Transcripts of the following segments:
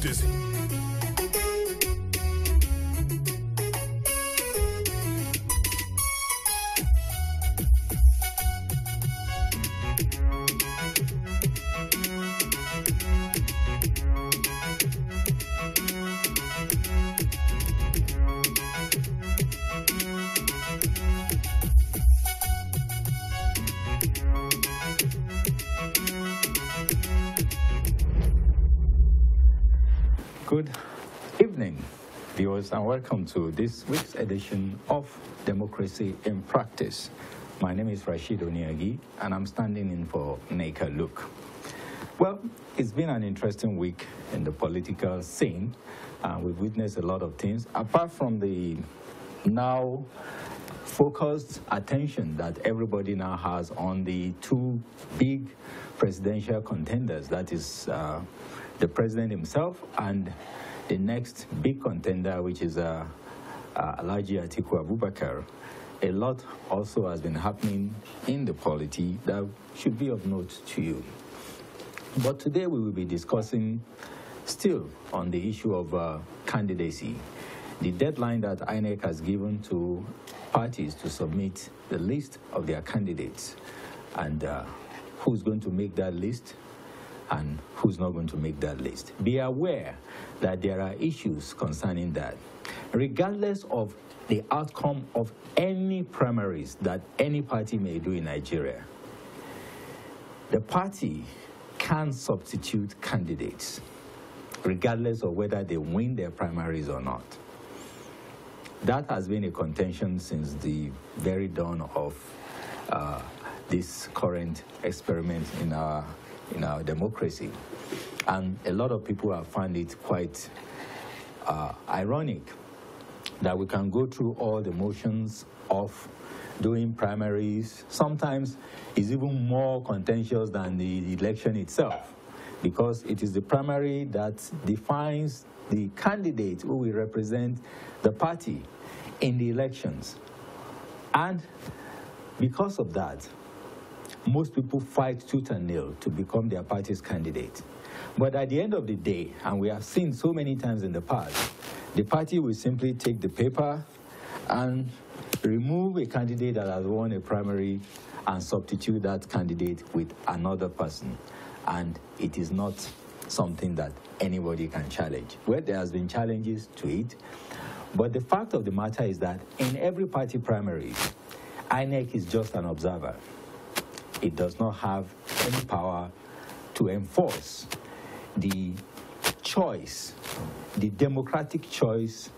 dizzy. viewers, and welcome to this week's edition of Democracy in Practice. My name is Rashid Onyagi, and I'm standing in for Naker Luke. Well, it's been an interesting week in the political scene, and we've witnessed a lot of things. Apart from the now focused attention that everybody now has on the two big presidential contenders, that is uh, the president himself and the next big contender, which is uh, uh, Atiku Abubakar, a lot also has been happening in the polity that should be of note to you. But today we will be discussing still on the issue of uh, candidacy, the deadline that INEC has given to parties to submit the list of their candidates and uh, who's going to make that list, and who's not going to make that list. Be aware that there are issues concerning that. Regardless of the outcome of any primaries that any party may do in Nigeria, the party can substitute candidates, regardless of whether they win their primaries or not. That has been a contention since the very dawn of uh, this current experiment in our in our democracy. And a lot of people have found it quite uh, ironic that we can go through all the motions of doing primaries. Sometimes is even more contentious than the election itself because it is the primary that defines the candidate who will represent the party in the elections. And because of that, most people fight tooth and nail to become their party's candidate. But at the end of the day, and we have seen so many times in the past, the party will simply take the paper and remove a candidate that has won a primary and substitute that candidate with another person. And it is not something that anybody can challenge. Well, there has been challenges to it. But the fact of the matter is that in every party primary, INEC is just an observer it does not have any power to enforce the choice, the democratic choice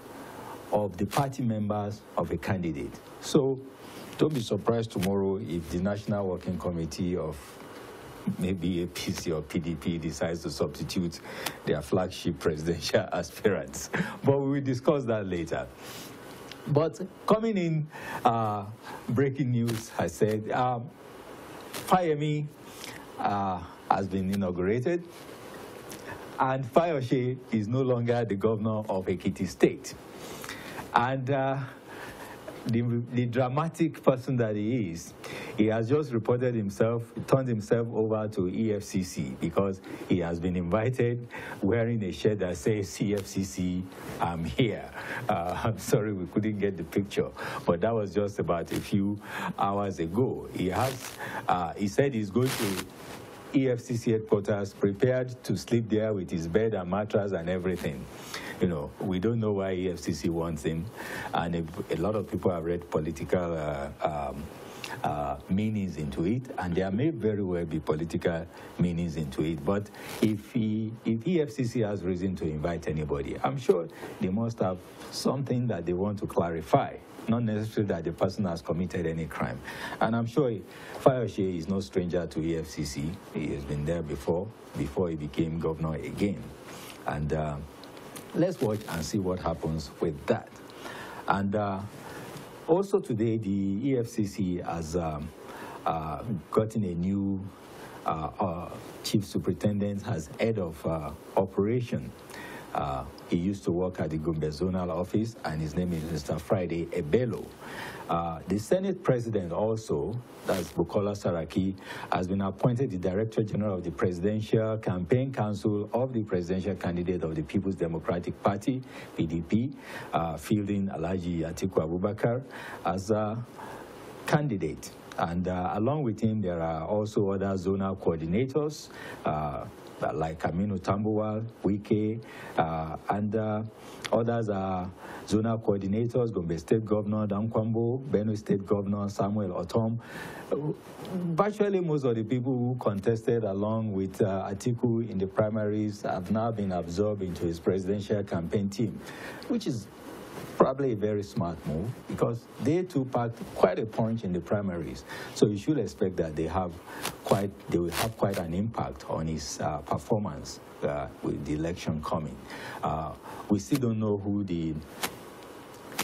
of the party members of a candidate. So don't be surprised tomorrow if the National Working Committee of maybe APC or PDP decides to substitute their flagship presidential aspirants. But we will discuss that later. But coming in, uh, breaking news, I said, um, FireMe uh, has been inaugurated, and Fayoshe is no longer the governor of Ekiti State. And uh, the, the dramatic person that he is, he has just reported himself, turned himself over to EFCC because he has been invited wearing a shirt that says EFCC, I'm here. Uh, I'm sorry we couldn't get the picture, but that was just about a few hours ago. He has, uh, he said he's going to EFCC headquarters prepared to sleep there with his bed and mattress and everything. You know, we don't know why EFCC wants him, and a, a lot of people have read political uh, um, uh, meanings into it, and there may very well be political meanings into it. But if he, if EFCC has reason to invite anybody, I'm sure they must have something that they want to clarify. Not necessarily that the person has committed any crime. And I'm sure Fayoshe is no stranger to EFCC. He has been there before, before he became governor again. And uh, let's watch and see what happens with that. And uh, also today, the EFCC has um, uh, gotten a new uh, uh chief superintendent as head of uh, operation. Uh, he used to work at the Gombe Zonal office, and his name is Mr. Friday Ebelo. Uh, the Senate President also, that's Bukola Saraki, has been appointed the Director General of the Presidential Campaign Council of the Presidential Candidate of the People's Democratic Party, PDP, uh, fielding Alaji Atiku Abubakar as a candidate. And uh, along with him, there are also other zonal coordinators, uh, uh, like Aminu Tambuwal, Wike, uh, and uh, others are zonal coordinators, Gombe State Governor Dankwambo, Benue State Governor Samuel Otom. Virtually most of the people who contested along with uh, Atiku in the primaries have now been absorbed into his presidential campaign team, which is probably a very smart move because they too packed quite a punch in the primaries. So you should expect that they have quite they will have quite an impact on his uh, performance uh, with the election coming. Uh, we still don't know who the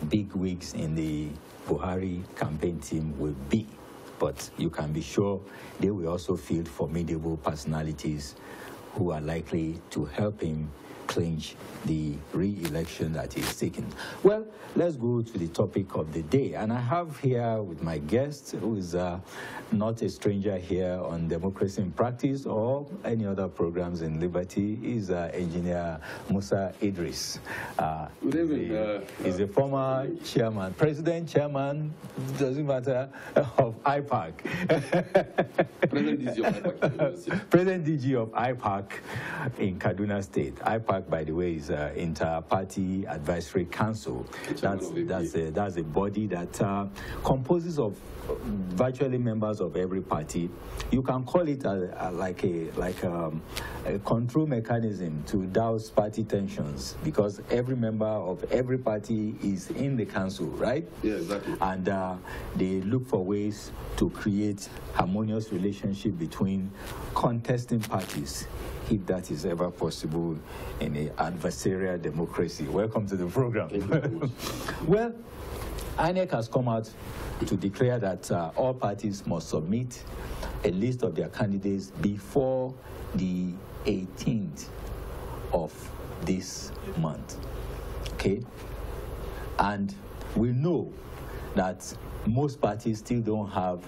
big wigs in the Buhari campaign team will be, but you can be sure they will also field formidable personalities who are likely to help him clinch the re-election that he's seeking. Well, let's go to the topic of the day. And I have here with my guest, who is uh, not a stranger here on Democracy in Practice or any other programs in Liberty, is uh, Engineer Musa Idris. Uh, Good evening. The, he's uh, a former chairman, president, chairman, doesn't matter, of IPAC. president DG of IPAC. president DG of IPAC in Kaduna State. IPAC by the way, is uh, Inter-Party Advisory Council. That's, that's, a, that's a body that uh, composes of virtually members of every party. You can call it a, a, like, a, like um, a control mechanism to douse party tensions because every member of every party is in the council, right? Yeah, exactly. And uh, they look for ways to create harmonious relationship between contesting parties if that is ever possible in an adversarial democracy. Welcome to the program. well, INEC has come out to declare that uh, all parties must submit a list of their candidates before the 18th of this month. Okay? And we know that most parties still don't have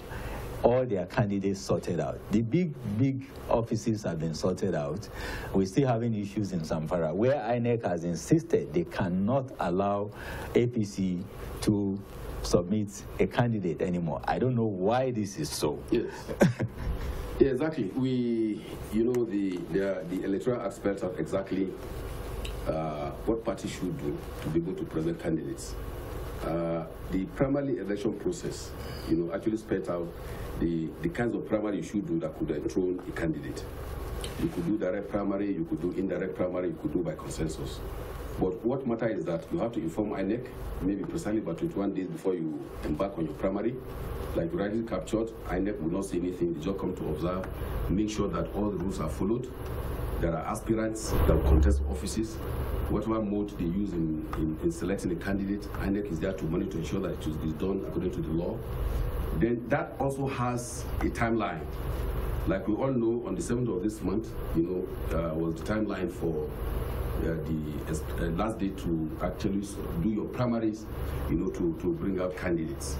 all their candidates sorted out. The big, big offices have been sorted out. We're still having issues in Zamfara, where INEC has insisted they cannot allow APC to submit a candidate anymore. I don't know why this is so. Yes. yeah, exactly. We, you know, the, the, the electoral aspect of exactly uh, what party should do to be able to present candidates. Uh, the primary election process, you know, actually spelled out the, the kinds of primary you should do that could enthrone a candidate. You could do direct primary, you could do indirect primary, you could do by consensus. But what matters is that you have to inform INEC, maybe precisely about 21 days before you embark on your primary. Like you rightly captured, INEC will not say anything, they just come to observe, make sure that all the rules are followed. There are aspirants that will contest offices. Whatever mode they use in, in, in selecting a candidate, INEC is there to monitor to ensure that it is done according to the law. Then that also has a timeline. Like we all know, on the 7th of this month, you know, uh, was the timeline for uh, the uh, last day to actually do your primaries, you know, to, to bring out candidates.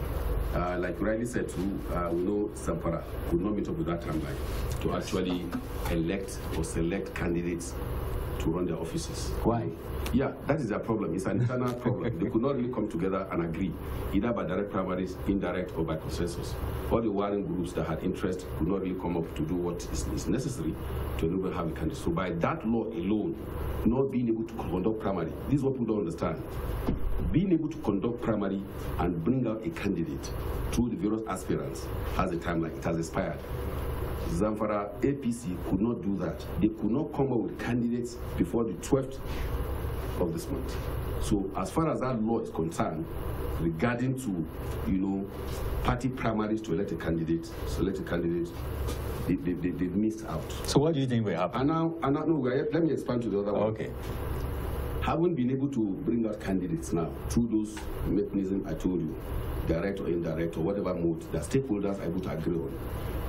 Uh, like rightly said, too, uh, we know Sampara could not meet up with that timeline to actually elect or select candidates to run their offices. Why? Yeah, that is their problem. It's an internal problem. they could not really come together and agree, either by direct primaries, indirect, or by consensus. All the warring groups that had interest could not really come up to do what is, is necessary to enable having candidate. So by that law alone, not being able to conduct primary, this is what people don't understand. Being able to conduct primary and bring out a candidate through the various aspirants has a timeline. It has expired. Zamfara APC could not do that. They could not come up with candidates before the 12th of this month. So as far as that law is concerned, regarding to, you know, party primaries to elect a candidate, select a candidate, they, they, they, they missed out. So what do you think will happen? And now, and now no, let me expand to the other one. Okay. Haven't been able to bring out candidates now through those mechanisms I told you, direct or indirect or whatever mode that stakeholders are able to agree on.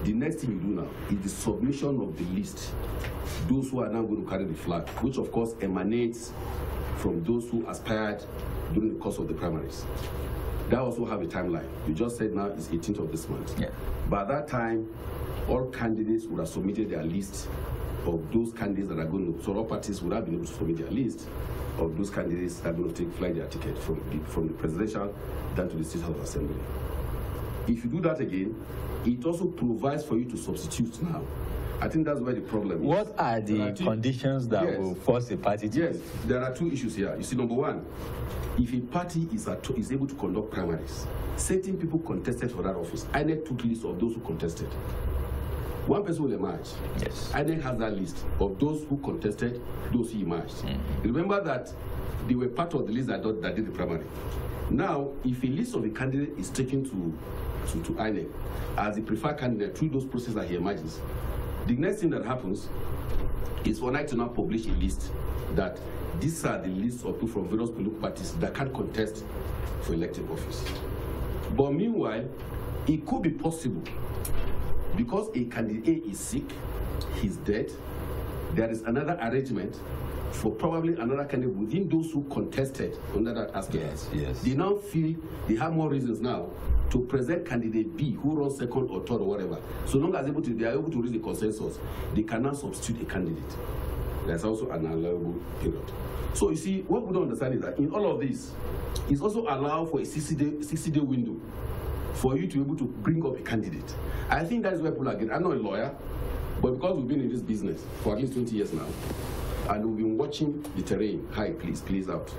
The next thing you do now is the submission of the list, those who are now going to carry the flag, which of course emanates from those who aspired during the course of the primaries. That also have a timeline. You just said now it's 18th of this month. Yeah. By that time, all candidates would have submitted their list of those candidates that are going to, so all parties would have been able to submit their list of those candidates that are going to take flight their ticket from the, from the presidential down to the State House Assembly. If you do that again, it also provides for you to substitute now. I think that's where the problem is. What are the are two, conditions that yes, will force a party to? Yes, there are two issues here. You see, number one, if a party is, at, is able to conduct primaries, certain people contested for that office. I need to list of those who contested. One person will emerge. Yes. INEC has that list of those who contested, those who emerged. Mm -hmm. Remember that they were part of the list that, that did the primary. Now, if a list of a candidate is taken to to, to INEC as the preferred candidate through those processes that he emerges. The next thing that happens is for NIC to now publish a list that these are the lists of people from various political parties that can contest for elective office. But meanwhile, it could be possible because a candidate is sick, he's dead, there is another arrangement for probably another candidate within those who contested under that aspect. Yes, yes. They now feel they have more reasons now to present candidate B who runs second or third or whatever. So long as able to, they are able to reach the consensus, they cannot substitute a candidate. There's also an allowable period. So you see, what we don't understand is that in all of this, it's also allowed for a 60-day 60 day window for you to be able to bring up a candidate. I think that's where people are getting. I'm not a lawyer, but because we've been in this business for at least 20 years now, and we've been watching the terrain, Hi, please, please out.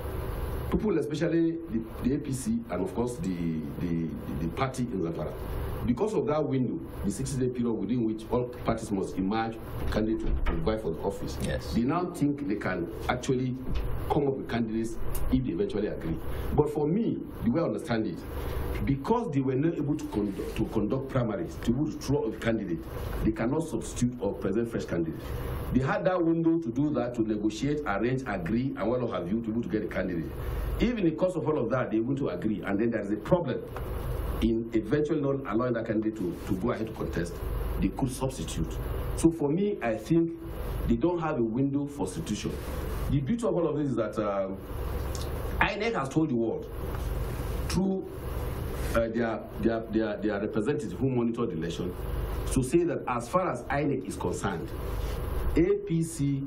People, especially the, the APC and of course the, the, the party in Zamfara, because of that window, the 60-day period within which all parties must emerge candidate to vie for the office, yes. they now think they can actually come up with candidates if they eventually agree. But for me, the way I understand it, because they were not able to conduct, to conduct primaries, to able to draw a candidate, they cannot substitute or present fresh candidates. They had that window to do that, to negotiate, arrange, agree, and what have you, to be able to get a candidate. Even in the course of all of that, they want to agree, and then there is a problem in eventually not allowing that candidate to, to go ahead to contest, they could substitute. So for me, I think they don't have a window for substitution. The beauty of all of this is that um, INEC has told the world through uh, their, their, their, their representatives who monitor the election to say that as far as INEC is concerned, APC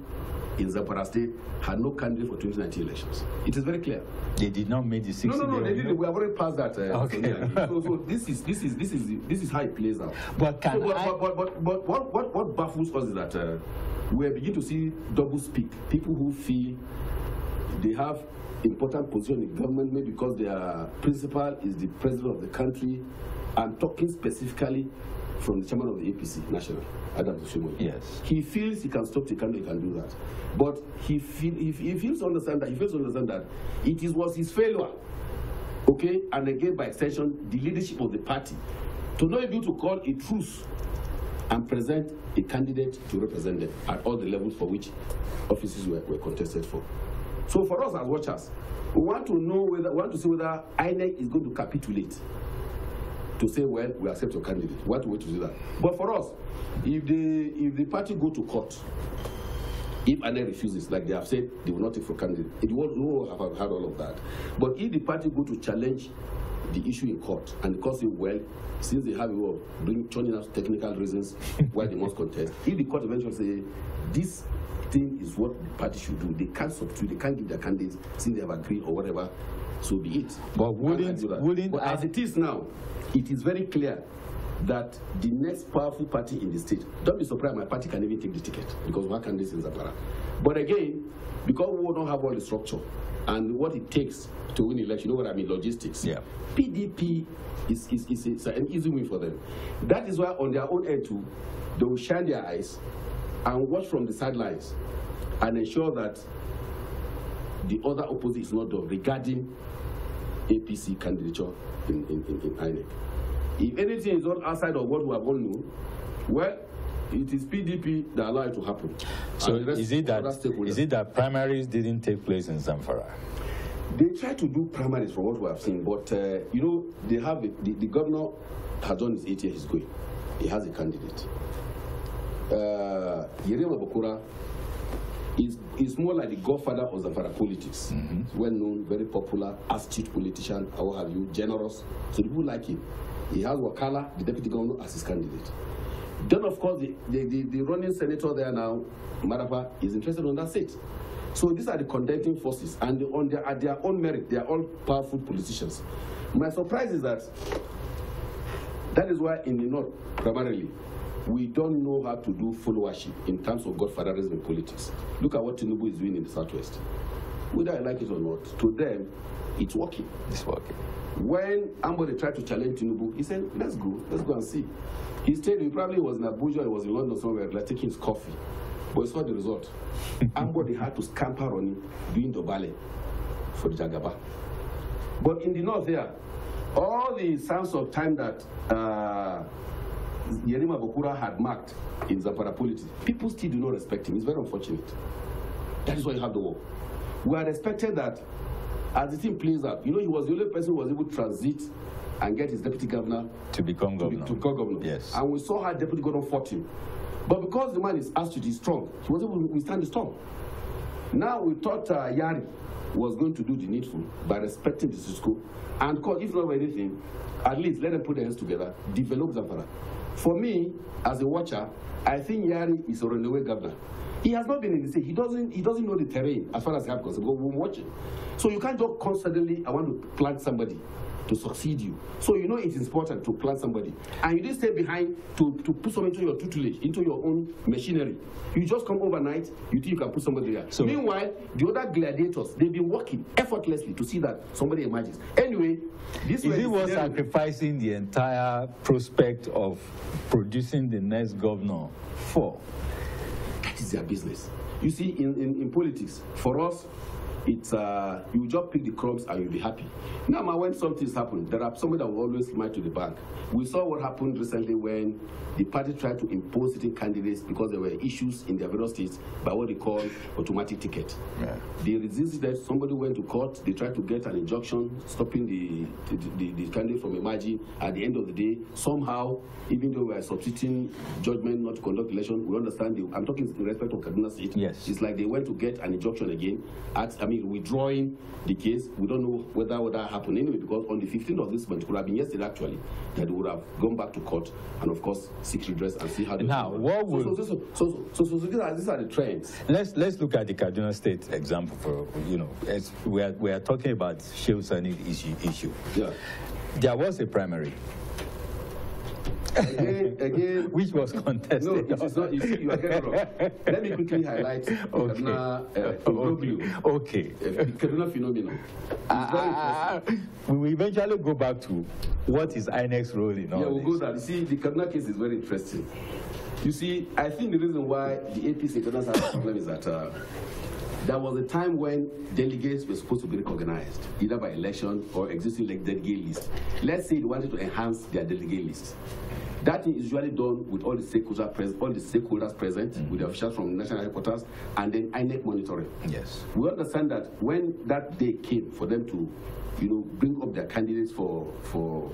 in Zapara State had no candidate for 2019 elections. It is very clear. They did not make the six. No, no, no. They did. We have already passed that. Uh, okay. so, so, this is this is this is this is how it plays out. But can so, but, I... but, but, but, but what what what baffles us is that uh, we begin to see double speak. People who feel they have important position in government maybe because their principal is the president of the country and talking specifically from the chairman of the APC national, Adam Bushimo. Yes. He feels he can stop the he can do that. But he, feel, he, he feels to understand that, he feels to understand that it is, was his failure, okay, and again, by extension, the leadership of the party, to not able to call a truce and present a candidate to represent them at all the levels for which offices were, were contested for. So for us as watchers, we want to know whether, we want to see whether INEC is going to capitulate to say, well, we accept your candidate. What way to do that? But for us, if the if the party go to court, if any refuses, like they have said, they will not take for candidate. It won't have had all of that. But if the party go to challenge the issue in court and the court say, well, since they have a way bring, turning out technical reasons why they must contest, if the court eventually say, this thing is what the party should do, they can't substitute, they can't give their candidates since they have agreed or whatever, so be it. But wouldn't, wouldn't but as it is now, it is very clear that the next powerful party in the state, don't be surprised my party can even take the ticket because what can this in Zapara? But again, because we don't have all the structure and what it takes to win election, you know what I mean, logistics. Yeah. PDP is, is, is, is an easy win for them. That is why on their own end too, they will shine their eyes and watch from the sidelines and ensure that the other opposite is not done regarding APC candidature in, in, in, in INEC. If anything is not outside of what we have all known, well, it is PDP that allowed it to happen. So is it, that, is it that primaries didn't take place in Zamfara? They tried to do primaries from what we have seen, but, uh, you know, they have the, the, governor has done his eight years, he's going. He has a candidate. Uh, Yerema Bokura is, is more like the godfather of Zamfara politics. Mm -hmm. Well known, very popular, astute politician, how have you, generous. So people like him. He has Wakala, the deputy governor, as his candidate. Then, of course, the, the, the, the running senator there now, Marafa, is interested on that seat. So these are the contending forces, and they, on their, at their own merit, they are all powerful politicians. My surprise is that that is why in the North, primarily, we don't know how to do followership in terms of godfatherism politics. Look at what Tinubu is doing in the Southwest. Whether I like it or not, to them, it's working. It's working. When Ambode tried to challenge Tinubu, he said, let's go, let's go and see. He stayed, he probably was in Abuja, he was in London somewhere, like taking his coffee. But he saw the result. Ambode had to scamper on him, doing the ballet for the Jagaba. But in the north there, all the sense of time that uh, Yerima Bokura had marked in Zapara politics, people still do not respect him. It's very unfortunate. That is why you have the war. We had expected that as the team plays out, you know, he was the only person who was able to transit and get his deputy governor to become to governor. Be, to become governor. Yes. And we saw how deputy governor fought him. But because the man is asked to be strong, he was able to withstand the storm. Now we thought uh, Yari was going to do the needful by respecting the Cisco. And, cause if not for anything, at least let them put their hands together, develop Zamfara. For me, as a watcher, I think Yari is a runaway governor. He has not been in the state. He doesn't, he doesn't know the terrain as far as concerned. we are watching, So you can't just constantly, I want to plant somebody to succeed you. So you know it's important to plant somebody. And you didn't stay behind to, to put someone into your tutelage, into your own machinery. You just come overnight, you think you can put somebody there. So Meanwhile, the other gladiators, they've been working effortlessly to see that somebody emerges. Anyway, this is it worth sacrificing the entire prospect of producing the next governor for? That is their business. You see, in, in, in politics, for us, it's uh, you just pick the crops and you'll be happy. Now, when something's happened, there are some that will always smile to the bank. We saw what happened recently when the party tried to impose certain candidates because there were issues in their various states by what they call automatic ticket. Yeah. They resisted that. Somebody went to court. They tried to get an injunction stopping the, the, the, the candidate from emerging. At the end of the day, somehow, even though we are substituting judgment not to conduct election, we understand. The, I'm talking in respect of Kaduna State. Yes. It's like they went to get an injunction again. At, I mean, me withdrawing the case. We don't know whether would that happen anyway, because on the 15th of this month, it could have been yesterday actually, that they would have gone back to court and, of course, seek redress and see how Now, what would... So, so, so, so, so, these, are, these are the trends. Let's, let's look at the Kaduna State example for, you know, as we are, we are talking about Sheikh issue. issue. Yeah. There was a primary again, again, which was contested. No, it is not. You see, you are getting wrong. Let me quickly highlight okay. Kaduna uh, uh, okay. Oh. okay. Uh, Kaduna phenomenon. Uh, we will eventually go back to what is INEX role in all Yeah, we'll this. go there. You see, the Kaduna case is very interesting. You see, I think the reason why the APC Kaduna has a problem is that uh, there was a time when delegates were supposed to be recognized, either by election or existing like delegate list. Let's say they wanted to enhance their delegate list. That is usually done with all the stakeholders present, all the stakeholders present, mm -hmm. with the officials from national headquarters, and then INEC monitoring. Yes. We understand that when that day came for them to, you know, bring up their candidates for for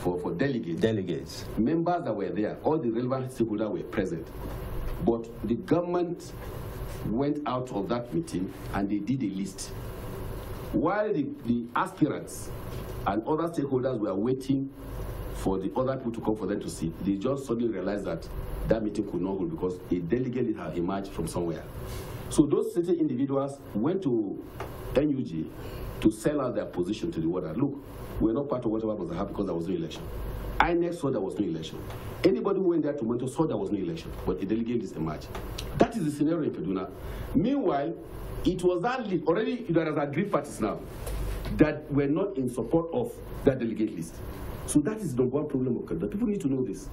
for, for delegates. Delegates. Members that were there, all the relevant stakeholders were present. But the government went out of that meeting and they did a list. While the, the aspirants and other stakeholders were waiting for the other people to come for them to see, they just suddenly realized that that meeting could not hold because a delegate had emerged from somewhere. So those certain individuals went to NUG to sell out their position to the world. Look, we're not part of whatever was happening because there was no election. I next saw there was no election. Anybody who went there to monitor saw there was no election, but a delegate list emerged. That is the scenario in Kaduna. Meanwhile, it was that list, already there are agreed parties now that were not in support of that delegate list. So that is the one problem of Kaduna. People need to know this.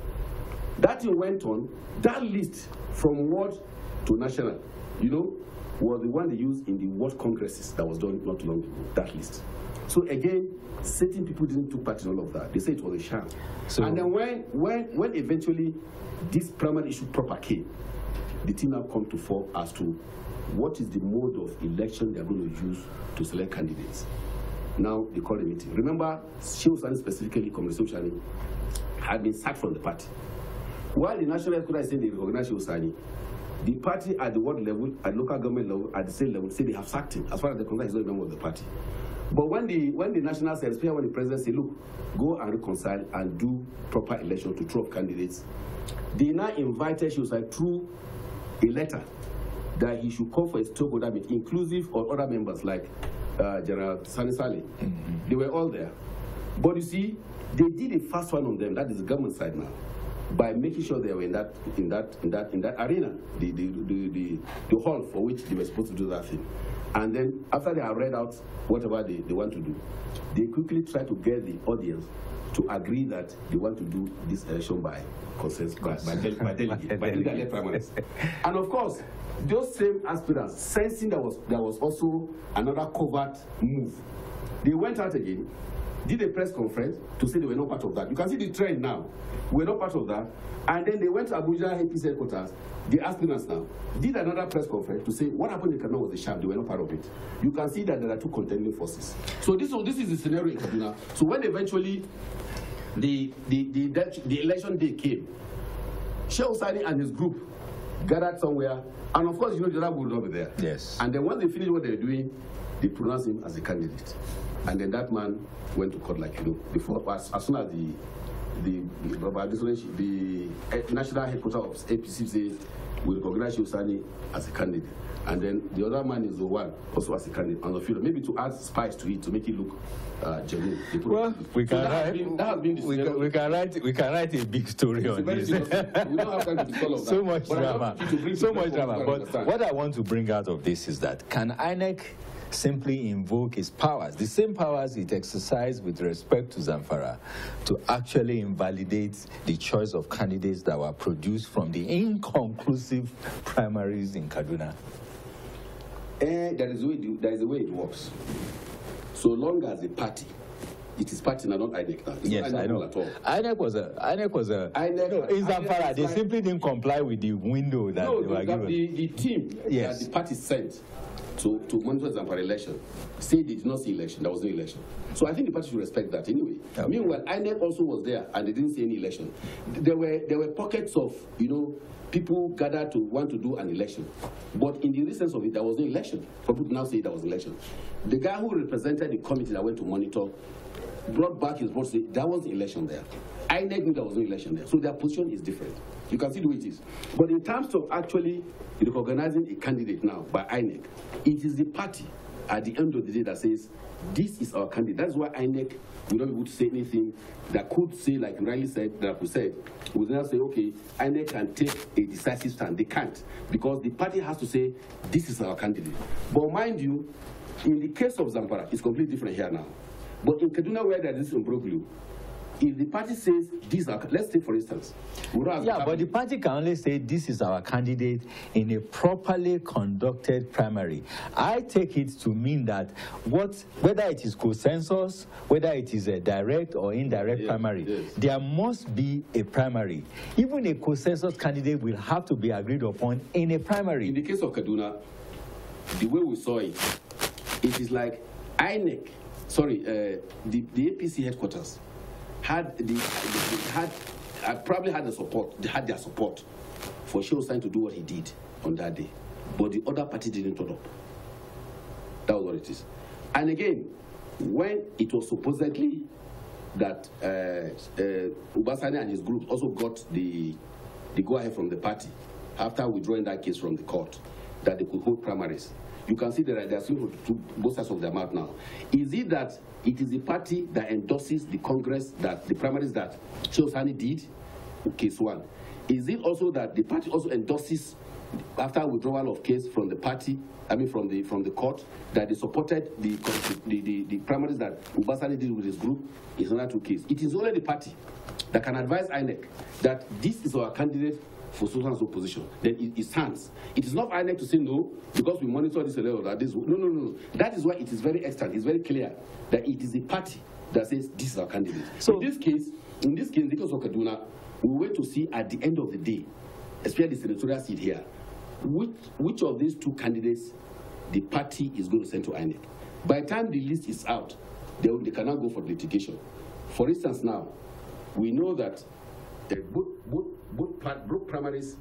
That thing went on, that list from world to national, you know, was the one they used in the World Congresses that was done not long ago, that list. So again, certain people didn't take part in all of that. They said it was a sham. So, and then when, when, when eventually this primary issue proper came, the team now come to form as to what is the mode of election they are going to use to select candidates. Now they call a meeting. Remember, Shiosani specifically, Communist Shani, had been sacked from the party. While the national headquarters say they recognize Shiosani, the party at the world level, at local government level, at the same level, say they have sacked him. As far as the Congress is not a member of the party. But when the when the national secretary, when the president say, look, go and reconcile and do proper election to 12 candidates, they now invited, she was like, through a letter that he should call for a stakeholder meeting, inclusive of other members like uh, General Sani Mm -hmm. They were all there. But you see, they did a first one on them, that is the government side now, by making sure they were in that in that in that in that arena, the the, the, the, the hall for which they were supposed to do that thing. And then after they have read out whatever they, they want to do, they quickly try to get the audience to agree that they want to do this election by consensus, by, by, del by delegate, by delegate primaries. and of course, those same aspirants, sensing there was, there was also another covert move, they went out again, did a press conference to say they were not part of that. You can see the trend now. We we're not part of that. And then they went to Abuja APC headquarters they're asking us now, did another press conference to say what happened in Kaduna was a sham, they were not part of it. You can see that there are two contending forces. So this, so this is the scenario in Kaduna. So when eventually the, the, the, the election day came, Sheikh Sani and his group gathered somewhere, and of course, you know, the Jonah would not be there. Yes. And then when they finished what they were doing, they pronounced him as a candidate. And then that man went to court like you know, before, as, as soon as the the, the, the eh, national headquarters of APC will we recognize Yosani as a candidate. And then the other man is the one also as a candidate on the field. Maybe to add spice to it to make it look uh, genuine. Well, we can, so write, been, we, can, we, can, write we can write a big story it's on this. we don't have time to so Much drama. So much drama. But understand. what I want to bring out of this is that can INEC simply invoke his powers, the same powers it exercised with respect to Zamfara, to actually invalidate the choice of candidates that were produced from the inconclusive primaries in Kaduna. And eh, that is, the way, it works. So long as the party it is party not INEC now. yes, not I know. At all. INEC was a. INEC was a. INEC. No, Zamfara. They simply didn't comply with the window that no, they were given. The, the team yes. that the party sent to, to monitor Zamfara election said they did not see election. There was no election. So I think the party should respect that anyway. Okay. Meanwhile, INEC also was there and they didn't see any election. There were, there were pockets of, you know, people gathered to want to do an election. But in the essence of it, there was no election. people now say there was election. The guy who represented the committee that went to monitor brought back his votes, there was election there. I knew there was no election there. So their position is different. You can see the way it is. But in terms of actually recognizing a candidate now by INEC, it is the party at the end of the day that says, this is our candidate. That's why INEC will not be able to say anything that could say, like you rightly said, that we said, we will say, okay, INEC can take a decisive stand. They can't, because the party has to say, this is our candidate. But mind you, in the case of Zampara, it's completely different here now. But in Kaduna, where there is imbroglio, if the party says these are, let's take for instance, yeah, but the party can only say this is our candidate in a properly conducted primary. I take it to mean that what, whether it is consensus, whether it is a direct or indirect primary, yes. there must be a primary. Even a consensus candidate will have to be agreed upon in a primary. In the case of Kaduna, the way we saw it, it is like INEC sorry, uh, the, the APC headquarters had the, had I uh, probably had the support. They had their support for Shehu to do what he did on that day, but the other party didn't turn up. That was what it is. And again, when it was supposedly that uh, uh, Ubasani and his group also got the the go ahead from the party after withdrawing that case from the court that they could hold primaries you can see that there are two, both sides of the mouth now. Is it that it is the party that endorses the Congress that the primaries that Chosani did? Case one. Is it also that the party also endorses after withdrawal of case from the party, I mean from the from the court, that they supported the the, the, the primaries that Ubasani did with his group is another two case. It is only the party that can advise INEC that this is our candidate for Sultan's opposition, then it, it stands. It is not INEC to say no, because we monitor this level that this. No, no, no. That is why it is very extant. It's very clear that it is the party that says this is our candidate. So in this case, in this case, in the we wait to see at the end of the day, especially the senatorial seat here, which, which of these two candidates the party is going to send to INEC. By the time the list is out, they, they cannot go for litigation. For instance, now, we know that the boot, boot, boot, primaries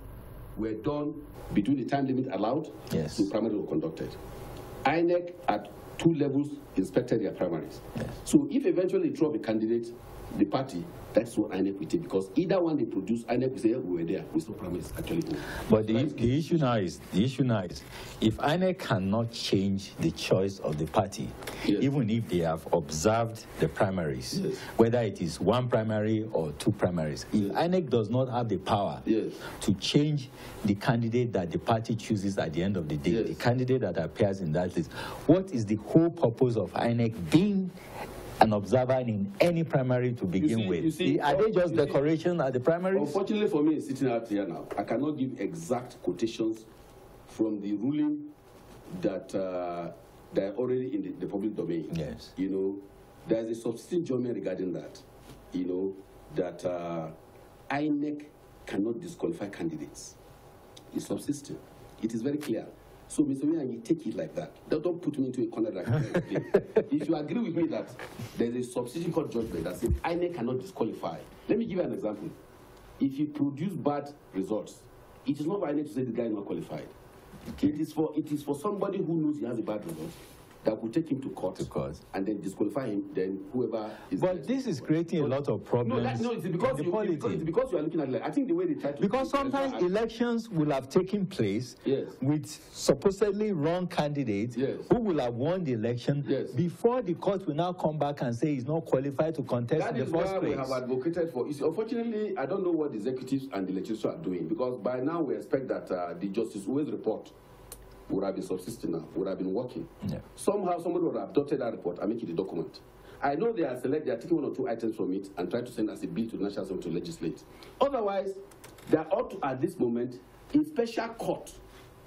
were done between the time limit allowed yes. to primary were conducted. INEC at two levels inspected their primaries. Yes. So if eventually they drop a candidate, the party that's what INEC will take because either one they produce, INEC will say, oh, we were there, we still promise actually. But the, the, issue now is, the issue now is, if INEC cannot change the choice of the party, yes. even if they have observed the primaries, yes. whether it is one primary or two primaries, yes. if INEC does not have the power to change the candidate that the party chooses at the end of the day, the candidate that appears in that list, what is the whole purpose of INEC being an observer in any primary to begin see, with. See, are they uh, just decoration at the primaries? Unfortunately for me, sitting out here now, I cannot give exact quotations from the ruling that uh, they're already in the, the, public domain. Yes. You know, there's a substantive judgment regarding that. You know, that uh, INEC cannot disqualify candidates. It's subsisting. It is very clear. So, Mr. Mayor, you take it like that. Don't put me into a corner like that. if you agree with me that there's a substitution court judgment that says INEC cannot disqualify, let me give you an example. If you produce bad results, it is not I INEC to say the guy is not qualified. Okay. It, is for, it is for somebody who knows he has a bad result that will take him to court, to court, and then disqualify him, then whoever is. But this is creating a lot of problems. No, that, no it's, because you, it's, because, it's because you are looking at like, I think the way they try to. Because sometimes elections will have taken place yes. with supposedly wrong candidates yes. who will have won the election yes. before the court will now come back and say he's not qualified to contest that in the first place. That is why we have advocated for. See, unfortunately, I don't know what the executives and the legislature are doing because by now we expect that uh, the Justice always report would have been subsisting now, would have been working. Yeah. Somehow somebody would have adopted that report and make it a document. I know they are select, they are taking one or two items from it and try to send as a bill to the National Assembly to legislate. Otherwise, there ought to, at this moment, a special court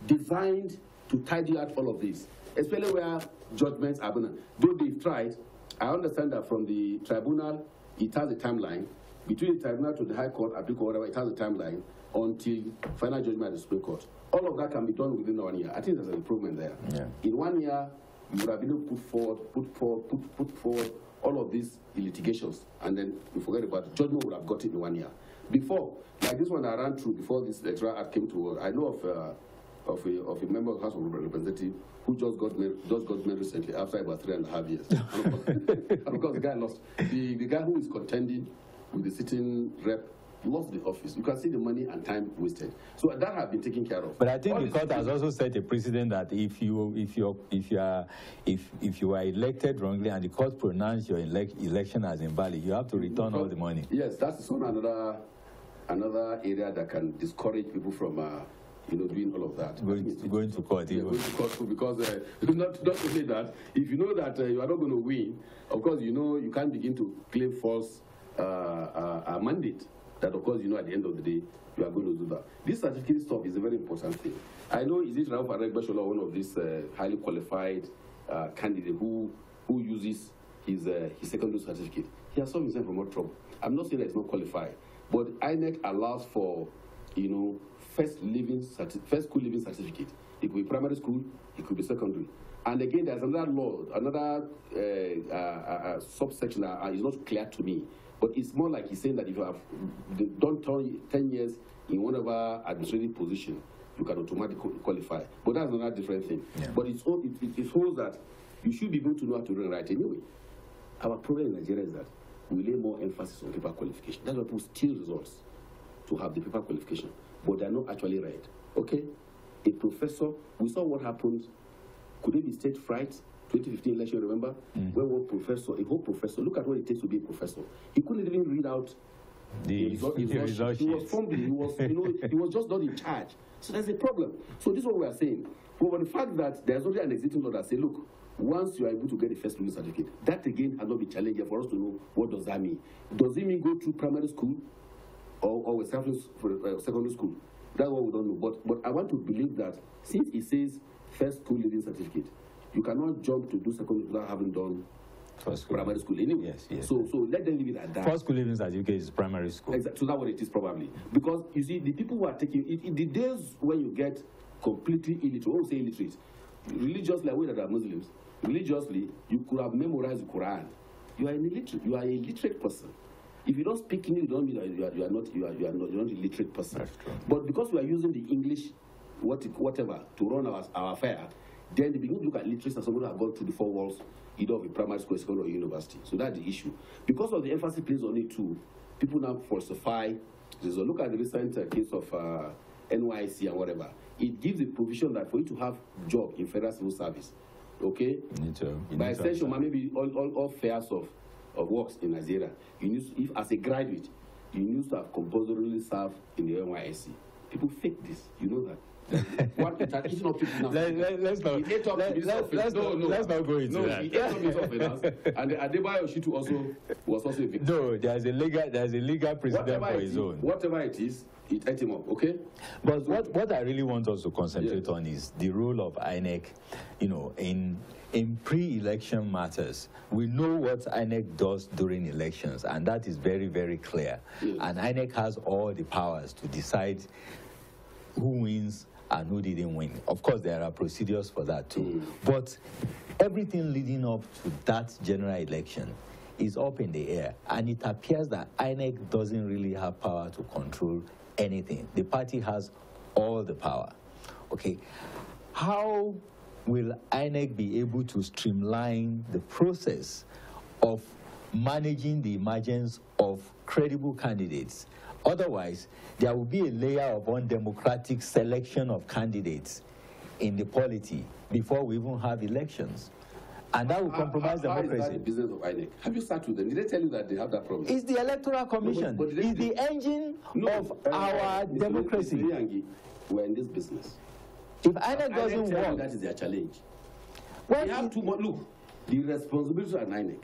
designed to tidy out all of this, especially where judgments are going Though they've tried, I understand that from the tribunal, it has a timeline. Between the tribunal to the High Court, Appeal Court, whatever, it has a timeline until final judgment at the Supreme Court. All of that can be done within one year. I think there's an improvement there. Yeah. In one year, you would have been able to put forward, put forward, put, put forward all of these litigations, and then you forget about it. Judgment would have got it in one year. Before, like this one I ran through before this electoral act came to, work. I know of, uh, of, a, of a member of the House of Representatives who just got married, just got married recently after about three and a half years. because and of course, the guy lost. The, the guy who is contending with the sitting rep lost the office. You can see the money and time wasted. So that has been taken care of. But I think All the court has also set a precedent that if you if you if you are if if you are elected wrongly and the court pronounces your election as invalid, you have to return because, all the money. Yes, that's soon another another area that can discourage people from uh, you know, doing all of that. Going, to, going to court. Yeah, going to court because uh, not, not to say that, if you know that uh, you are not going to win, of course, you know you can't begin to claim false uh, uh, uh mandate that of course you know at the end of the day you are going to do that. This certificate stuff is a very important thing. I know is it Rauf Aregbeshola, one of these uh, highly qualified uh, candidate who who uses his uh, his secondary certificate. He has solved himself from more trouble. I'm not saying that he's not qualified, but INEC allows for you know first living first school living certificate. It could be primary school, it could be secondary. And again, there's another law, another uh, uh, uh, subsection that is not clear to me but it's more like he's saying that if you have done 10 years in one of our administrative position, you can automatically qualify. But that's another different thing. Yeah. But it's, all, it, it, it holds that you should be able to know how to read and write anyway. Our problem in Nigeria is that we lay more emphasis on paper qualification. That's why people still results to have the paper qualification, but they're not actually read. Okay? A professor, we saw what happened. Could it be state fright 2015 election, remember? Mm. When one professor, a whole professor, look at what it takes to be a professor. He couldn't even read out the, the result. He was, result he was He was, you know, he was just not in charge. So there's a problem. So this is what we are saying. But well, the fact that there's already an existing law that says, look, once you are able to get a first level certificate, that again has not been challenging for us to know what does that mean. Does it mean go to primary school or, or uh, secondary school? That's what we don't know. But, but I want to believe that since it says first school leading certificate, you cannot jump to do secondary without having done First school. primary school anyway. Yes, yes. So, so let them leave it at that. First school leaving certificate is primary school. Exactly. So that's what it is probably. Because you see, the people who are taking it, in the days when you get completely illiterate, I will say illiterate, religiously, We that are Muslims, religiously, you could have memorized the Quran. You are an illiterate, you are a literate person. If you don't speak English, don't mean that you are, you are not you are, you are not you're not a literate person. But because we are using the English, what, whatever, to run our, our affair, then they begin to look at literacy as someone who has gone through the four walls either of a primary school, secondary, or university. So that's the issue. Because of the emphasis placed on it too, people now falsify. So look at the recent uh, case of uh, NYC and whatever. It gives a provision that for you to have job in federal civil service, okay? Need To, By extension, maybe all, all, all fairs of, of works in Nigeria, you need to, if as a graduate, you need to have compulsorily served in the NYC. People fake this, you know that what Peter Let, us not, let, let, let, us no, not go into no, that. he ate up his office. And Adebayo Shitu also was also a victim. No, there's a legal, there's a legal precedent for his is, own. Whatever it is, it ate him up, okay? But what, what I really want us to concentrate on is the role of INEC, you know, in in pre-election matters, we know what INEC does during elections, and that is very, very clear. And INEC has all the powers to decide who wins and who didn't win. Of course, there are procedures for that too. Mm. But everything leading up to that general election is up in the air, and it appears that INEC doesn't really have power to control anything. The party has all the power. Okay, how will INEC be able to streamline the process of managing the emergence of credible candidates Otherwise, there will be a layer of undemocratic selection of candidates in the polity before we even have elections. And that will compromise how, how, democracy. business of INEC? Have you sat with them? Did they tell you that they have that problem? It's the Electoral Commission. No, it's the engine no, of uh, our democracy. Mr. Yangi, we're in this business. If INEC doesn't work... That is their challenge. Well, we have to... Look, the responsibility of INEC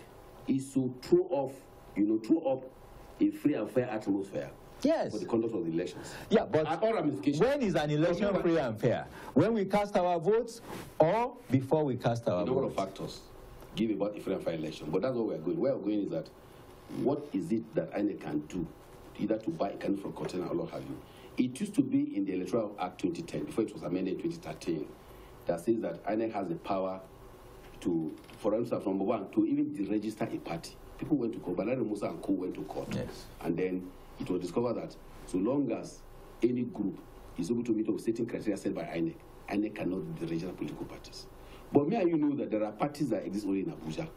is to throw off, you know, throw up a free and fair atmosphere Yes. For the conduct of the elections. Yeah, but when is an election free and fair? When we cast our votes or before we cast our votes? number of factors give about a free and fair election. But that's what we're going. Where we're going is that what is it that INEC can do either to buy a candidate from Cotton or what have you? It used to be in the Electoral Act 2010, before it was amended in 2013, that says that INEC has the power to, for instance, number one, to even deregister a party. People went to court. Balari Musa and Co went to court. Yes. And then it was discovered that so long as any group is able to meet up certain criteria set by INEC, INEC cannot be the regional political parties. But me and you know that there are parties that exist only in Abuja.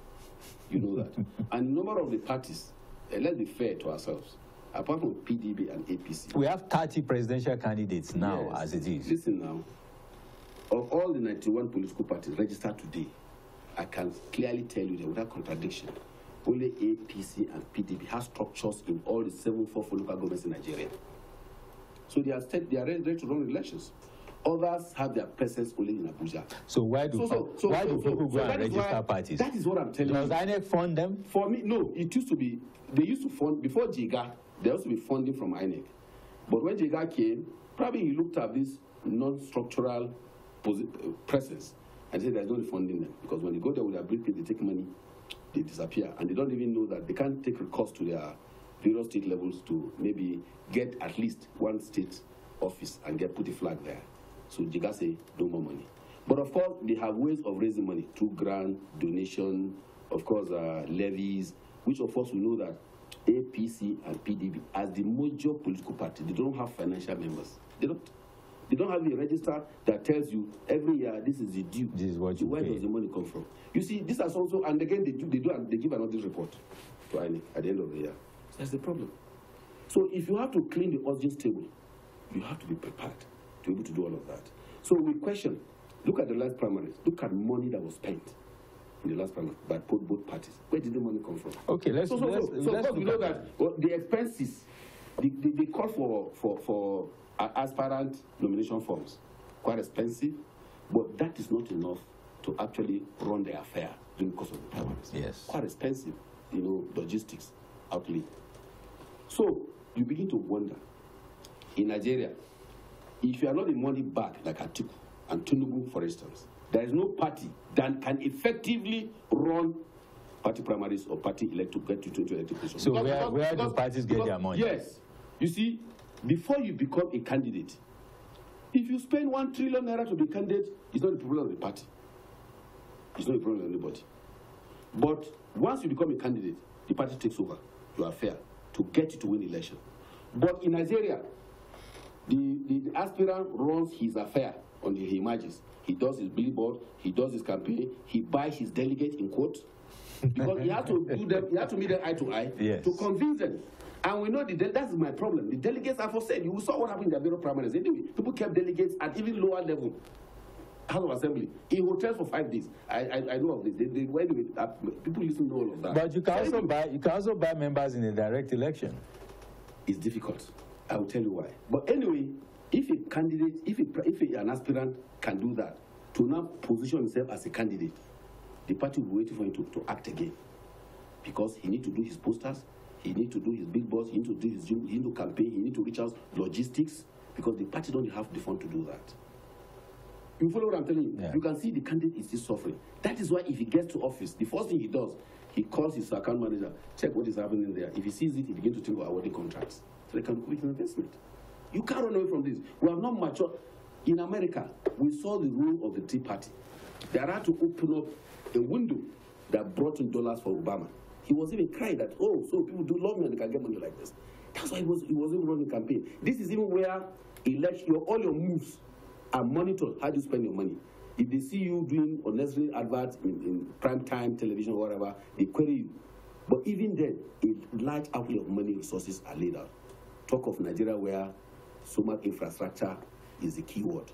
You know that. and number of the parties, uh, let's be fair to ourselves, apart from PDB and APC. We have 30 presidential candidates now, yes. as it is. Listen now, of all the 91 political parties registered today, I can clearly tell you that without contradiction, only APC and PDP have structures in all the seven four local governments in Nigeria. So they are, state, they are ready to run elections. Others have their presence only in Abuja. So why do, so, so, so, why do people go and register why, parties? That is what I'm telling Does you. Does INEC fund them? For me, no. It used to be, they used to fund, before JIGA, there used to be funding from INEC. But when JIGA came, probably he looked at this non-structural uh, presence and said there's no funding them. Because when they go there with their briefcase, they take money they disappear and they don't even know that they can't take recourse to their various state levels to maybe get at least one state office and get put a flag there. So Jiga say no more money. But of course, they have ways of raising money through grant, donation, of course, uh, levies, which of course we know that APC and PDB, as the major political party, they don't have financial members. They don't they don't have a register that tells you every year this is the due. This is what you Where pay. does the money come from? You see, this is also, and again, they do, they do, and they give another report to INEC at the end of the year. that's the problem. So if you have to clean the audience table, you have to be prepared to be able to do all of that. So we question, look at the last primaries, look at money that was spent in the last primary by both, both parties. Where did the money come from? Okay, let's so, so, let's, so, let's, you know that well, the expenses, they, the call for for for aspirant nomination forms, quite expensive, but that is not enough to actually run the affair during the course of the primaries. Yes. Quite expensive, you know, logistics outlay. So you begin to wonder, in Nigeria, if you are not in money bag like Atiku and Tinubu, for instance, there is no party that can effectively run party primaries or party elect to get to So where, where do parties get their money? Yes. You see, before you become a candidate, if you spend one trillion naira to be candidate, it's not a problem of the party. It's not a problem of anybody. But once you become a candidate, the party takes over your affair to get you to win election. But in Nigeria, the, the, the aspirant runs his affair on he emerges. He does his billboard, he does his campaign, he buys his delegate in quotes Because he has to do them, he has to meet them eye to eye yes. to convince them and we know the that's my problem. The delegates are for sale. You saw what happened in the Bureau primaries. Anyway, people kept delegates at even lower level. House of Assembly in hotels for five days. I I, I know of this. They, they went with people used to know all of that. But you can also buy you can also buy members in a direct election. It's difficult. I will tell you why. But anyway, if a candidate, if a, if a, an aspirant can do that, to now position himself as a candidate, the party will wait for him to, to act again, because he need to do his posters. He need to do his big boss. He need to do his He need to campaign. He need to reach out logistics because the party don't have the fund to do that. You follow what I'm telling you? Yeah. You can see the candidate is still suffering. That is why if he gets to office, the first thing he does, he calls his account manager, check what is happening there. If he sees it, he begins to think about awarding contracts. So they can quit an investment. You can't run away from this. We have not matured. In America, we saw the rule of the Tea Party. They are to open up a window that brought in dollars for Obama. He was even crying that, oh, so people do love me and they can get money like this. That's why he was, he was even running campaign. This is even where election, your, all your moves are monitored, how do you spend your money. If they see you doing unnecessary adverts in, in prime time television or whatever, they query you. But even then, a large outlay of money resources are laid out. Talk of Nigeria where so much infrastructure is the key word.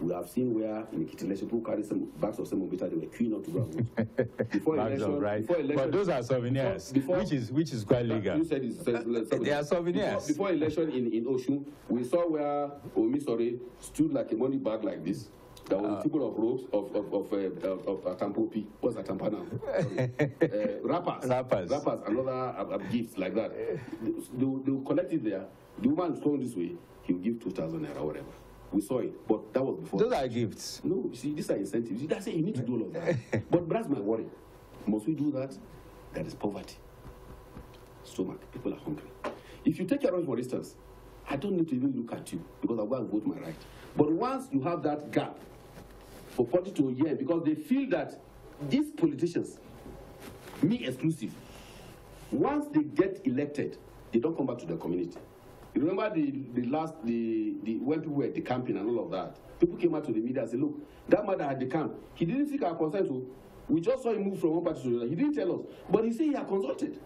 We have seen where in the election, people carry some bags of semo they were queuing up to go vote. Before bags election, of rice. Before election, but those are souvenirs, before, before, which is which is quite legal. You said it's, it's, it's, they are souvenirs. Before, before election in, in Oshu, we saw where sorry, stood like a money bag like this. There was uh, ah. a couple of ropes of of of, uh, of, What's a now? uh, rappers. Rappers. Rappers. Another uh, uh, gifts like that. They, they, will collect it there. The woman going this way. He'll give two thousand naira or whatever. We saw it, but that was before. Those are gifts. No, see, these are incentives. that's it. You need to do all of that. but that's my worry. Must we do that? There is poverty. Stomach. People are hungry. If you take your own, for instance, I don't need to even look at you because I'll go and my right. But once you have that gap for 40 to year, because they feel that these politicians, me exclusive, once they get elected, they don't come back to the community. You remember the, the last, the, the when people were camping and all of that, people came out to the media and said, look, that man had the camp. he didn't seek our consent, oh. we just saw him move from one party to the other. He didn't tell us, but he said he had consulted.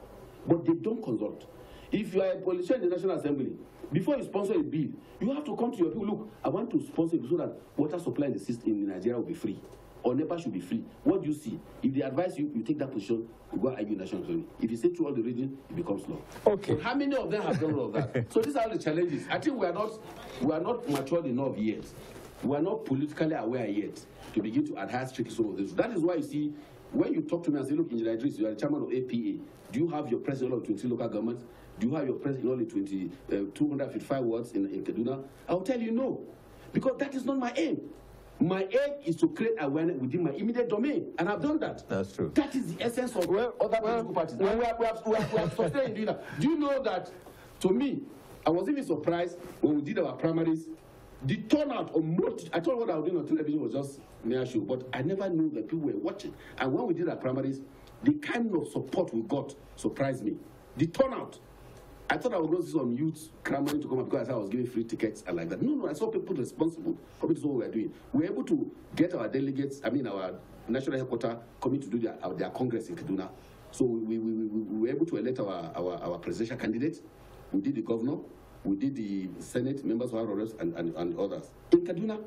But they don't consult. If you are a politician in the National Assembly, before you sponsor a bill, you have to come to your people, look, I want to sponsor a bill so that water supply in, the system in Nigeria will be free or NEPA should be free. What do you see? If they advise you, you take that position, you go argue national If you say through all the region, it becomes law. Okay. So how many of them have done all of that? so these are the challenges. I think we are not we are not matured enough yet. We are not politically aware yet to begin to adhere strictly to this. That is why you see when you talk to me and say, look, Engineer Idris, you are the chairman of APA. Do you have your president of 20 local governments? Do you have your president in only 20, uh, 255 wards in, in Kaduna? I'll tell you no, because that is not my aim. My aim is to create awareness within my immediate domain, and I've done that. That's true. That is the essence of well, other well, political parties. Well, and we have, we have, we have, we have sustained doing that. Do you know that, to me, I was even surprised when we did our primaries, the turnout of multitude, I thought what I was doing on television was just mere show, but I never knew that people were watching. And when we did our primaries, the kind of support we got surprised me. The turnout. I thought I would not see some youths clamoring to come up because I was giving free tickets and like that. No, no, I saw people responsible. Coming to what we are doing. We are able to get our delegates, I mean our national headquarters coming to do their, their congress in Kaduna. So we, we, we, we, were able to elect our, our, our presidential candidate. We did the governor. We did the Senate members of our and, and, and others. In Kaduna,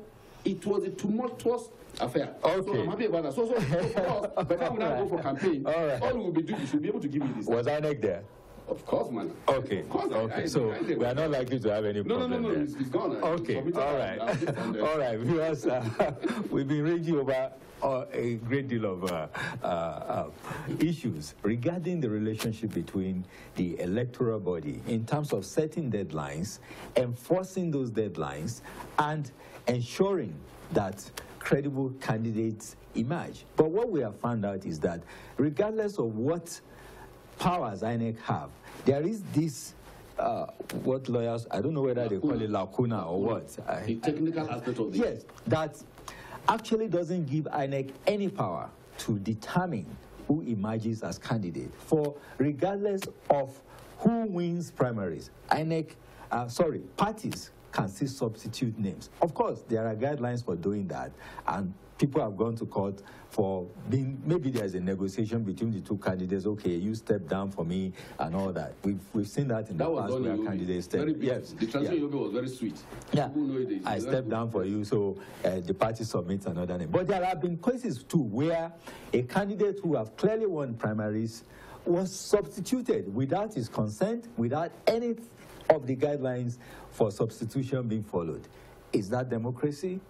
it was a tumultuous affair. Okay. So I'm happy about that. So, so, so for us, by we now go for campaign, all, right. all we'll be doing is we'll be able to give you this. Was I next there? Of course, man. Okay. Of course, okay. I, I, so I, we are not likely to have any no, problem. No, no, no, it's, it's gone. Okay. All right. All right. uh, we've been raging over uh, a great deal of uh, uh issues regarding the relationship between the electoral body in terms of setting deadlines, enforcing those deadlines, and ensuring that credible candidates emerge. But what we have found out is that regardless of what powers INEC have, there is this uh, what lawyers, I don't know whether lacuna. they call it lacuna or what. The technical I, aspect of this. Yes, that actually doesn't give INEC any power to determine who emerges as candidate. For regardless of who wins primaries, INEC, uh, sorry, parties can see substitute names. Of course, there are guidelines for doing that, and people have gone to court for being, maybe there's a negotiation between the two candidates. Okay, you step down for me and all that. We've, we've seen that in that the past where candidates step. Yes. The transition yeah. was very sweet. Yeah. I stepped down for you, so uh, the party submits another name. But there have been cases too where a candidate who have clearly won primaries was substituted without his consent, without any of the guidelines for substitution being followed. Is that democracy?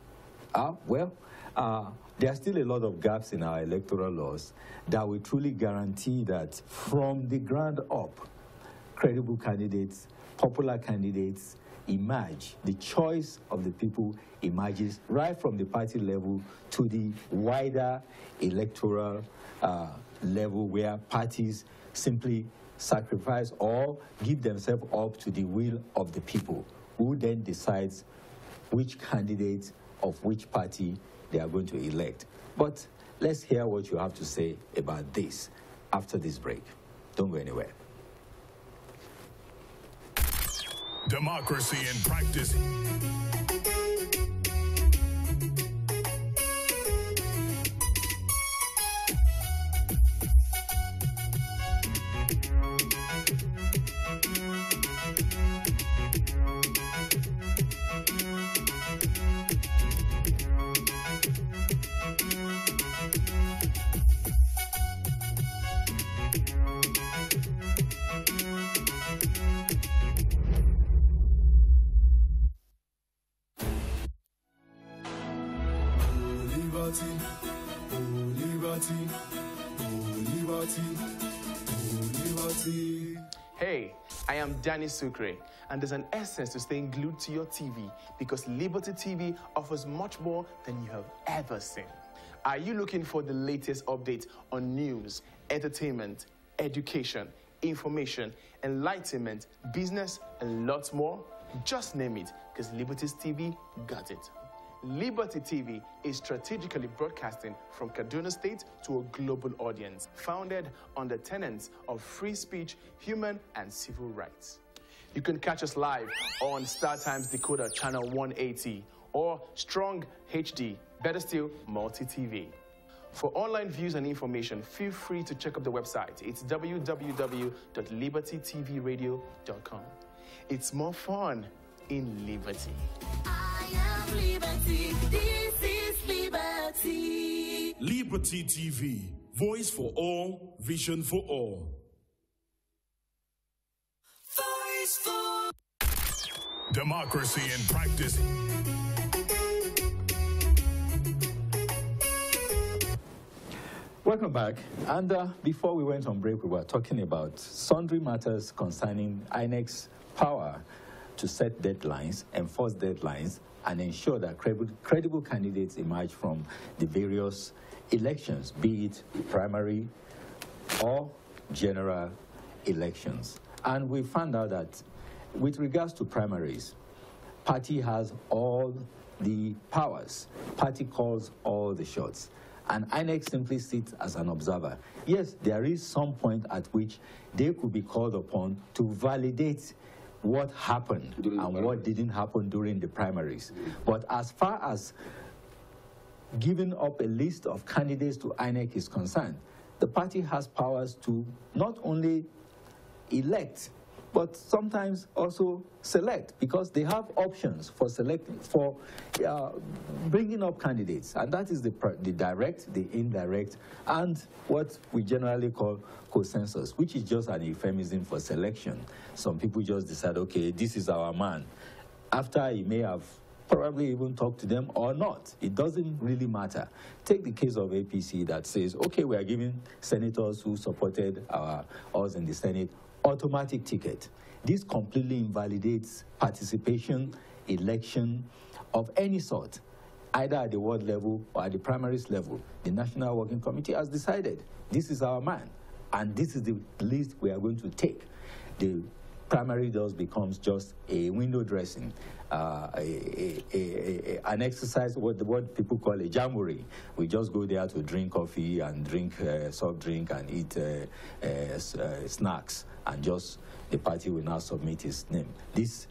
Ah, well, uh, there are still a lot of gaps in our electoral laws that will truly guarantee that from the ground up, credible candidates, popular candidates emerge. The choice of the people emerges right from the party level to the wider electoral uh, level where parties simply sacrifice or give themselves up to the will of the people, who then decides which candidate of which party they are going to elect. But let's hear what you have to say about this after this break. Don't go anywhere. Democracy in practice. Danny Sucre. And there's an essence to staying glued to your TV because Liberty TV offers much more than you have ever seen. Are you looking for the latest updates on news, entertainment, education, information, enlightenment, business, and lots more? Just name it because Liberty's TV got it. Liberty TV is strategically broadcasting from Kaduna State to a global audience, founded on the tenets of free speech, human and civil rights. You can catch us live on Star Times Dakota Channel 180 or Strong HD, better still, Multi TV. For online views and information, feel free to check out the website. It's www.libertytvradio.com. It's more fun in liberty. Liberty TV, voice for all, vision for all. Voice for democracy in practice. Welcome back. And uh, before we went on break, we were talking about sundry matters concerning INEC's power to set deadlines, enforce deadlines, and ensure that credible, credible candidates emerge from the various elections, be it primary or general elections. And we found out that with regards to primaries, party has all the powers. Party calls all the shots. And INEC simply sits as an observer. Yes, there is some point at which they could be called upon to validate what happened during and what didn't happen during the primaries. But as far as giving up a list of candidates to INEC is concerned, the party has powers to not only elect but sometimes also select because they have options for selecting, for uh, bringing up candidates. And that is the, the direct, the indirect, and what we generally call consensus, which is just an euphemism for selection. Some people just decide, okay, this is our man. After he may have probably even talk to them or not. It doesn't really matter. Take the case of APC that says, okay, we are giving senators who supported our, us in the Senate automatic ticket. This completely invalidates participation, election of any sort, either at the world level or at the primaries level. The National Working Committee has decided this is our man, and this is the list we are going to take. The primary does becomes just a window dressing, uh, a, a, a, an exercise, what, what people call a jamboree. We just go there to drink coffee and drink uh, soft drink and eat uh, uh, uh, snacks, and just the party will now submit its name. This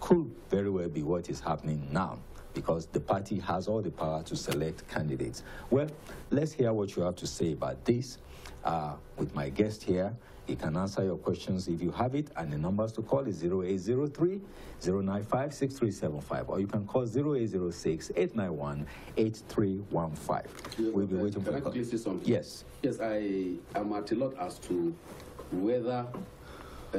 could very well be what is happening now because the party has all the power to select candidates. Well, let's hear what you have to say about this uh, with my guest here, you can answer your questions if you have it. And the numbers to call is 0803 095 6375. Or you can call 0806 891 8315. We'll be waiting can for you. Can something? Yes. Yes, I am at a lot as to whether uh,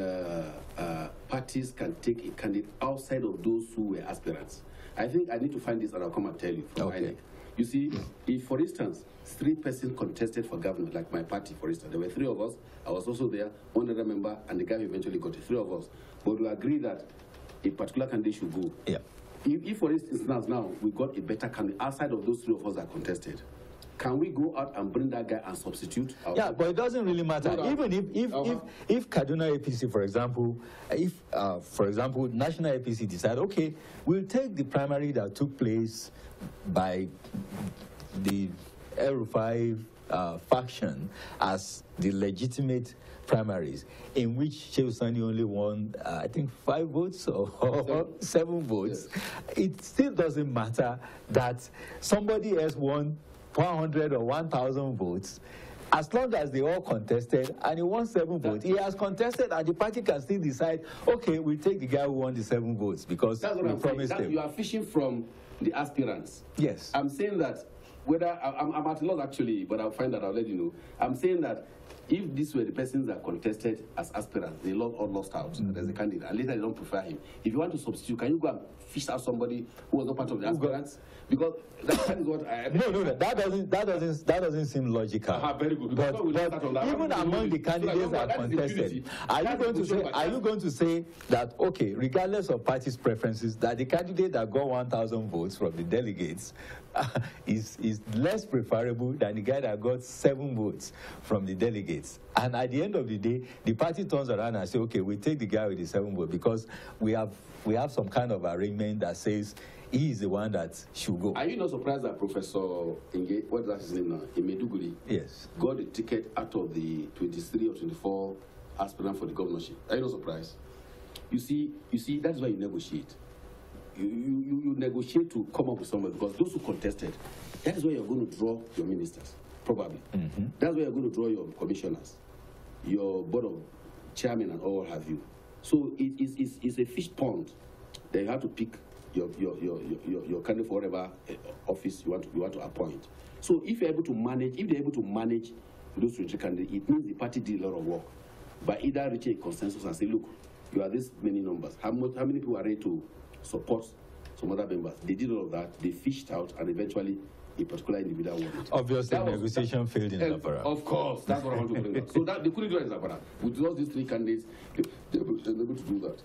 uh, parties can take a candidate outside of those who were aspirants. I think I need to find this and I'll come and tell you. okay. You see, if, for instance, three persons contested for governor, like my party, for instance, there were three of us, I was also there, one other member, and the guy eventually got it, three of us. But we agree that a particular candidate should go. Yeah. If, if for instance, now we got a better candidate outside of those three of us that contested, can we go out and bring that guy and substitute? yeah, but it doesn't really matter. No, no. Even if if, uh -huh. if if Kaduna APC, for example, if uh, for example National APC decide, okay, we'll take the primary that took place by the El uh, faction as the legitimate primaries, in which Sheikh Sani only won, uh, I think, five votes or, seven votes. Yes. It still doesn't matter that somebody else won 100 or 1,000 votes. As long as they all contested and he won seven votes, he has contested and the party can still decide, okay, we will take the guy who won the seven votes because That's we promised saying. him. You are fishing from the aspirants. Yes. I'm saying that whether I'm, at loss actually, but I'll find that I'll let you know. I'm saying that if these were the persons that contested as aspirants, they lost or lost out mm. as a candidate, and later they don't prefer him. If you want to substitute, can you go and fish out somebody who was not part of the aspirants? Because that is what I. No, no, no, that doesn't that doesn't that doesn't seem logical. Uh -huh, very good. but, even among the candidates that contested, are you going to say are you going to say that okay, regardless of party's preferences, that the candidate that got 1,000 votes from the delegates is, is less preferable than the guy that got seven votes from the delegates. And at the end of the day, the party turns around and says, okay, we take the guy with the seven votes because we have, we have some kind of arrangement that says he is the one that should go. Are you not surprised that Professor Inge, what's his name now, Imeduguri, yes. got the ticket out of the 23 or 24 aspirant for the governorship? Are you not surprised? You see, you see, that's why you negotiate you, you, you negotiate to come up with somebody because those who contested, that is where you're going to draw your ministers, probably. Mm -hmm. That's where you're going to draw your commissioners, your board of chairman and all have you. So it is it's, it's a fish pond that you have to pick your your your your, your candidate for whatever eh, office you want to, you want to appoint. So if you're able to manage, if they're able to manage those three candidates, it means the party did a lot of work by either reaching a consensus and say, look, you are this many numbers. How much how many people are ready to support some other members. They did all of that. They fished out, and eventually, a particular individual won it. Obviously, the negotiation that, failed in eh, Zapara. Of course, that's what I want to bring up. So that, they couldn't do it in Zapara. With just these three candidates, they, they, they were able to do that.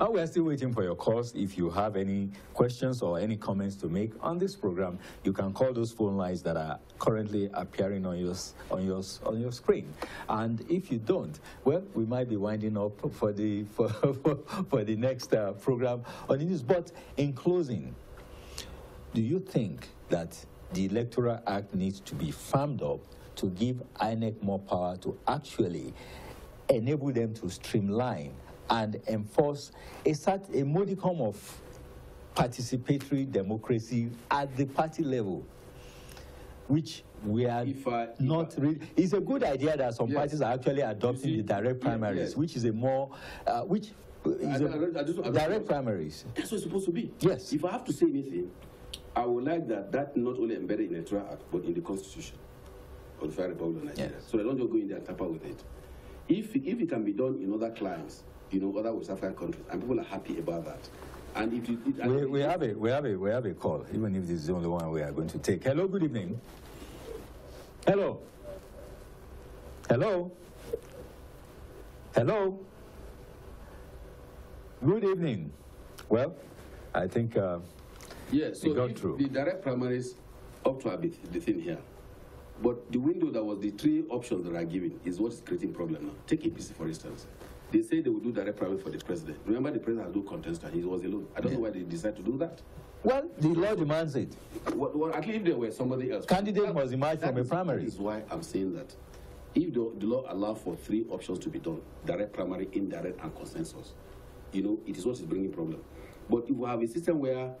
Uh, we are still waiting for your calls. If you have any questions or any comments to make on this program, you can call those phone lines that are currently appearing on your, on your, on your screen. And if you don't, well, we might be winding up for the, for, for, for the next uh, program on the news. But in closing, do you think that the Electoral Act needs to be firmed up to give INEC more power to actually enable them to streamline and enforce a, a modicum of participatory democracy at the party level, which we are if I, if not really. It's a good idea that some yes. parties are actually adopting see, the direct primaries, yes, which is a more, uh, which is I, a, I, just, direct primaries. That's what it's supposed to be. Yes. If I have to say anything, I would like that that not only embedded in the trial act, but in the constitution of the Federal Republic of Nigeria. So I don't just go in there and tap out with it. If, if it can be done in other clients you know, other West African countries, and people are happy about that. And if you we, we have a we have a we have a call, even if this is the only one we are going to take. Hello, good evening. Hello. Hello. Hello. Good evening. Well, I think uh, yes, yeah, so got through. The direct primaries up to a bit the thing here. But the window that was the three options that are given is what is creating problem now. Take APC, for instance. They say they will do direct primary for the president. Remember, the president has no and He was alone. I don't yeah. know why they decided to do that. Well, the law demands it. at least if there were somebody else. Candidate that, was emerged from a primary. That is why I'm saying that. If the, the law allows for three options to be done, direct, primary, indirect, and consensus, you know, it is what is bringing problem. But if we have a system where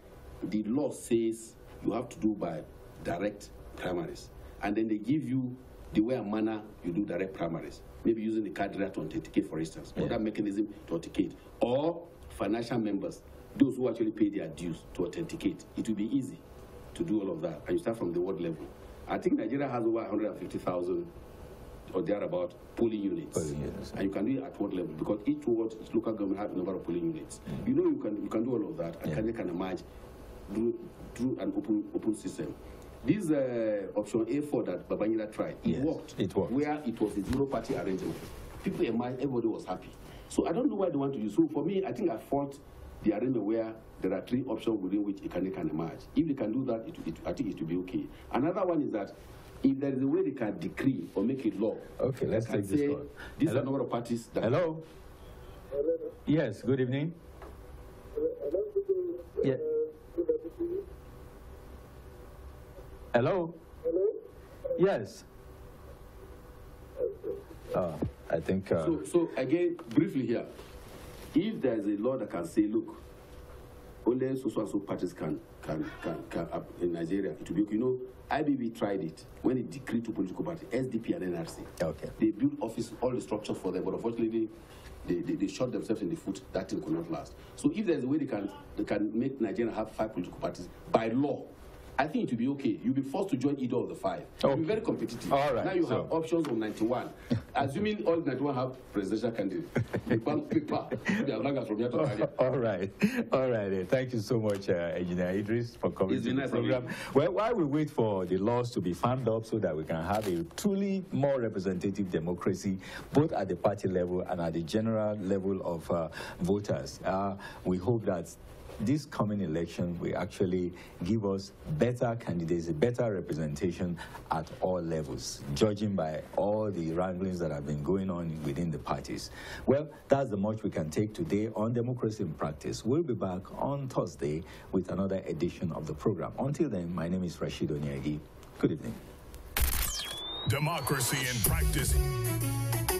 the law says you have to do by direct primaries, and then they give you the way and manner you do direct primaries, maybe using the card right to authenticate, for instance, yeah. or that mechanism to authenticate, or financial members, those who actually pay their dues to authenticate. It will be easy to do all of that, and you start from the world level. I think Nigeria has over 150,000 or thereabout polling units. Polling units. And you can do it at what level? Because each ward, each local government has a number of polling units. Mm. You know you can you can do all of that and can Kenya can emerge through, through an open open system. This uh, option A4 that Babangida tried, it yes, worked. It worked. Where it was a zero-party arrangement. People in mind, everybody was happy. So I don't know why they want to use. So for me, I think I fought the arrangement where there are three options within which a candidate can emerge. If they can do that, it, it, I think it will be okay. Another one is that if there is a way they can decree or make it law. Okay, let's take this one. These Hello? are number of parties that... Hello? Hello? Yes, good evening. Hello? Yeah. Uh, Hello? Hello? Yes. Uh, I think... Uh, so, so again, briefly here, if there is a law that can say, look, only so so so parties can can can, can uh, in Nigeria. It will be you know IBB tried it when it decreed to political parties, SDP and NRC. Okay. They built office all the structure for them, but unfortunately they, they, they shot themselves in the foot. That thing could not last. So if there's a way they can they can make Nigeria have five political parties by law, I think it will be okay. You'll be forced to join either of the five. Okay. It'll be very competitive. All right. Now you so. have options on 91. Assuming all 91 have presidential candidates. all right. All right. Thank you so much, uh, Engineer Idris, for coming it's to the nice program. Well, while we wait for the laws to be firmed up so that we can have a truly more representative democracy, both at the party level and at the general level of uh, voters, uh, we hope that this coming election will actually give us better candidates, a better representation at all levels, judging by all the wranglings that have been going on within the parties. Well, that's the much we can take today on Democracy in Practice. We'll be back on Thursday with another edition of the program. Until then, my name is Rashid Onyagi. Good evening. Democracy in Practice.